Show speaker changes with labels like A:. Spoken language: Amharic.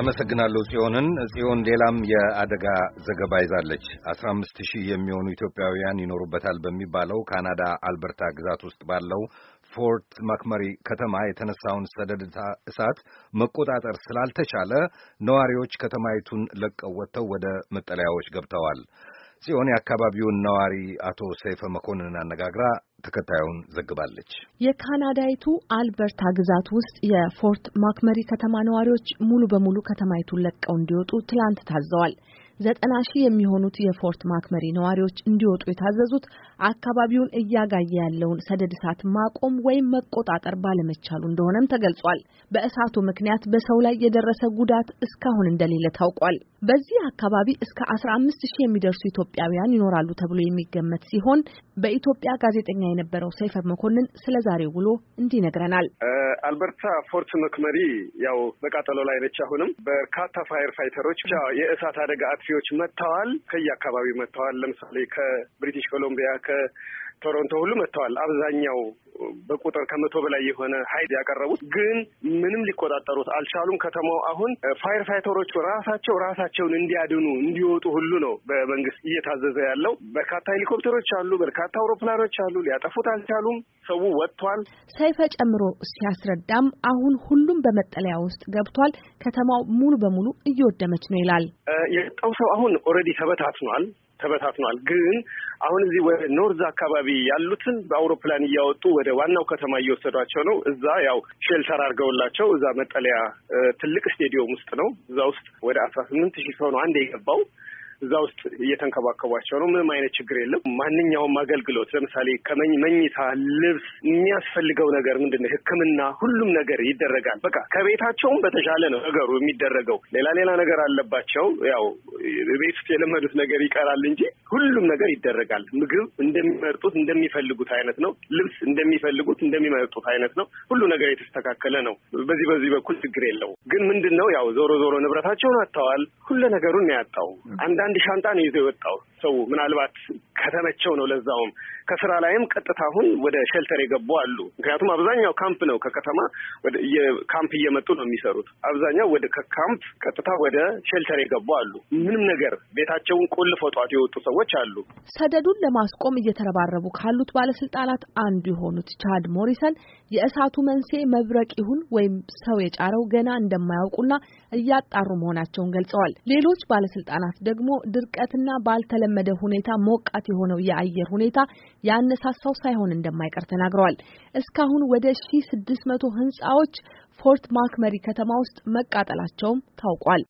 A: አመሰግናለሁ ጽዮንን። ጽዮን ሌላም የአደጋ ዘገባ ይዛለች። አስራ አምስት ሺህ የሚሆኑ ኢትዮጵያውያን ይኖሩበታል በሚባለው ካናዳ አልበርታ ግዛት ውስጥ ባለው ፎርት ማክመሪ ከተማ የተነሳውን ሰደድ እሳት መቆጣጠር ስላልተቻለ ነዋሪዎች ከተማይቱን ለቀው ወጥተው ወደ መጠለያዎች ገብተዋል። ጽዮን የአካባቢውን ነዋሪ አቶ ሰይፈ መኮንንን አነጋግራ ተከታዩን ዘግባለች።
B: የካናዳይቱ አልበርታ ግዛት ውስጥ የፎርት ማክመሪ ከተማ ነዋሪዎች ሙሉ በሙሉ ከተማይቱን ለቀው እንዲወጡ ትላንት ታዘዋል። ዘጠና ሺህ የሚሆኑት የፎርት ማክመሪ ነዋሪዎች እንዲወጡ የታዘዙት አካባቢውን እያጋየ ያለውን ሰደድ እሳት ማቆም ወይም መቆጣጠር ባለመቻሉ እንደሆነም ተገልጿል። በእሳቱ ምክንያት በሰው ላይ የደረሰ ጉዳት እስካሁን እንደሌለ ታውቋል። በዚህ አካባቢ እስከ 15 ሺህ የሚደርሱ ኢትዮጵያውያን ይኖራሉ ተብሎ የሚገመት ሲሆን በኢትዮጵያ ጋዜጠኛ የነበረው ሰይፈ መኮንን ስለ ዛሬው ውሎ እንዲነግረናል።
C: አልበርታ ፎርት መክመሪ ያው በቃጠሎ ላይ ነች። አሁንም በርካታ ፋየር ፋይተሮች የእሳት አደጋ አጥፊዎች መጥተዋል። ከየአካባቢው መጥተዋል። ለምሳሌ ከብሪቲሽ ኮሎምቢያ ከቶሮንቶ ሁሉ መጥተዋል። አብዛኛው በቁጥር ከመቶ በላይ የሆነ ሀይል ያቀረቡት ግን ምንም ሊቆጣጠሩት አልቻሉም። ከተማው አሁን ፋይር ፋይተሮች ራሳቸው ራሳቸውን እንዲያድኑ እንዲወጡ ሁሉ ነው በመንግስት እየታዘዘ ያለው። በርካታ ሄሊኮፕተሮች አሉ፣ በርካታ አውሮፕላኖች አሉ። ሊያጠፉት አልቻሉም። ሰው
B: ወጥቷል። ሰይፈ ጨምሮ ሲያስረዳም አሁን ሁሉም በመጠለያ ውስጥ ገብቷል። ከተማው ሙሉ በሙሉ እየወደመች ነው ይላል።
C: የመጣው ሰው አሁን ኦልሬዲ ተበታትኗል ተበታትኗል። ግን አሁን እዚህ ወደ ኖርዝ አካባቢ ያሉትን በአውሮፕላን እያወጡ ወደ ዋናው ከተማ እየወሰዷቸው ነው። እዛ ያው ሼልተር አድርገውላቸው እዛ መጠለያ ትልቅ ስቴዲየም ውስጥ ነው። እዛ ውስጥ ወደ አስራ ስምንት ሺህ ሰው ነው አንድ የገባው እዛ ውስጥ እየተንከባከቧቸው ነው። ምንም አይነት ችግር የለም። ማንኛውም አገልግሎት ለምሳሌ ከመኝታ ልብስ፣ የሚያስፈልገው ነገር ምንድን ነው ሕክምና ሁሉም ነገር ይደረጋል። በቃ ከቤታቸውም በተሻለ ነው ነገሩ የሚደረገው። ሌላ ሌላ ነገር አለባቸው ያው ቤት ውስጥ የለመዱት ነገር ይቀራል እንጂ ሁሉም ነገር ይደረጋል። ምግብ እንደሚመርጡት እንደሚፈልጉት አይነት ነው። ልብስ እንደሚፈልጉት እንደሚመርጡት አይነት ነው። ሁሉ ነገር የተስተካከለ ነው። በዚህ በዚህ በኩል ችግር የለው። ግን ምንድን ነው ያው ዞሮ ዞሮ ንብረታቸውን አጥተዋል። ሁሉ ነገሩን ያጣው አንዳንድ አንድ ሻንጣ ነው ይዞ የወጣው ሰው ምናልባት ከተመቸው ነው። ለዛውም ከስራ ላይም ቀጥታ አሁን ወደ ሸልተር የገቡ አሉ። ምክንያቱም አብዛኛው ካምፕ ነው። ከከተማ ወደ ካምፕ እየመጡ ነው የሚሰሩት። አብዛኛው ወደ ከካምፕ ቀጥታ ወደ ሸልተር የገቡ አሉ። ምንም ነገር ቤታቸውን ቆልፈው ጧት የወጡ ሰዎች አሉ።
B: ሰደዱን ለማስቆም እየተረባረቡ ካሉት ባለስልጣናት አንዱ የሆኑት ቻድ ሞሪሰን የእሳቱ መንስኤ መብረቅ ይሁን ወይም ሰው የጫረው ገና እንደማያውቁና እያጣሩ መሆናቸውን ገልጸዋል። ሌሎች ባለስልጣናት ደግሞ ድርቀትና ባልተለመደ ሁኔታ ሞቃት ሞቃት የሆነው የአየር ሁኔታ ያነሳሳው ሳይሆን እንደማይቀር ተናግረዋል። እስካሁን ወደ ሺ ስድስት መቶ ህንጻዎች ፎርት ማክመሪ ከተማ ውስጥ መቃጠላቸውም ታውቋል።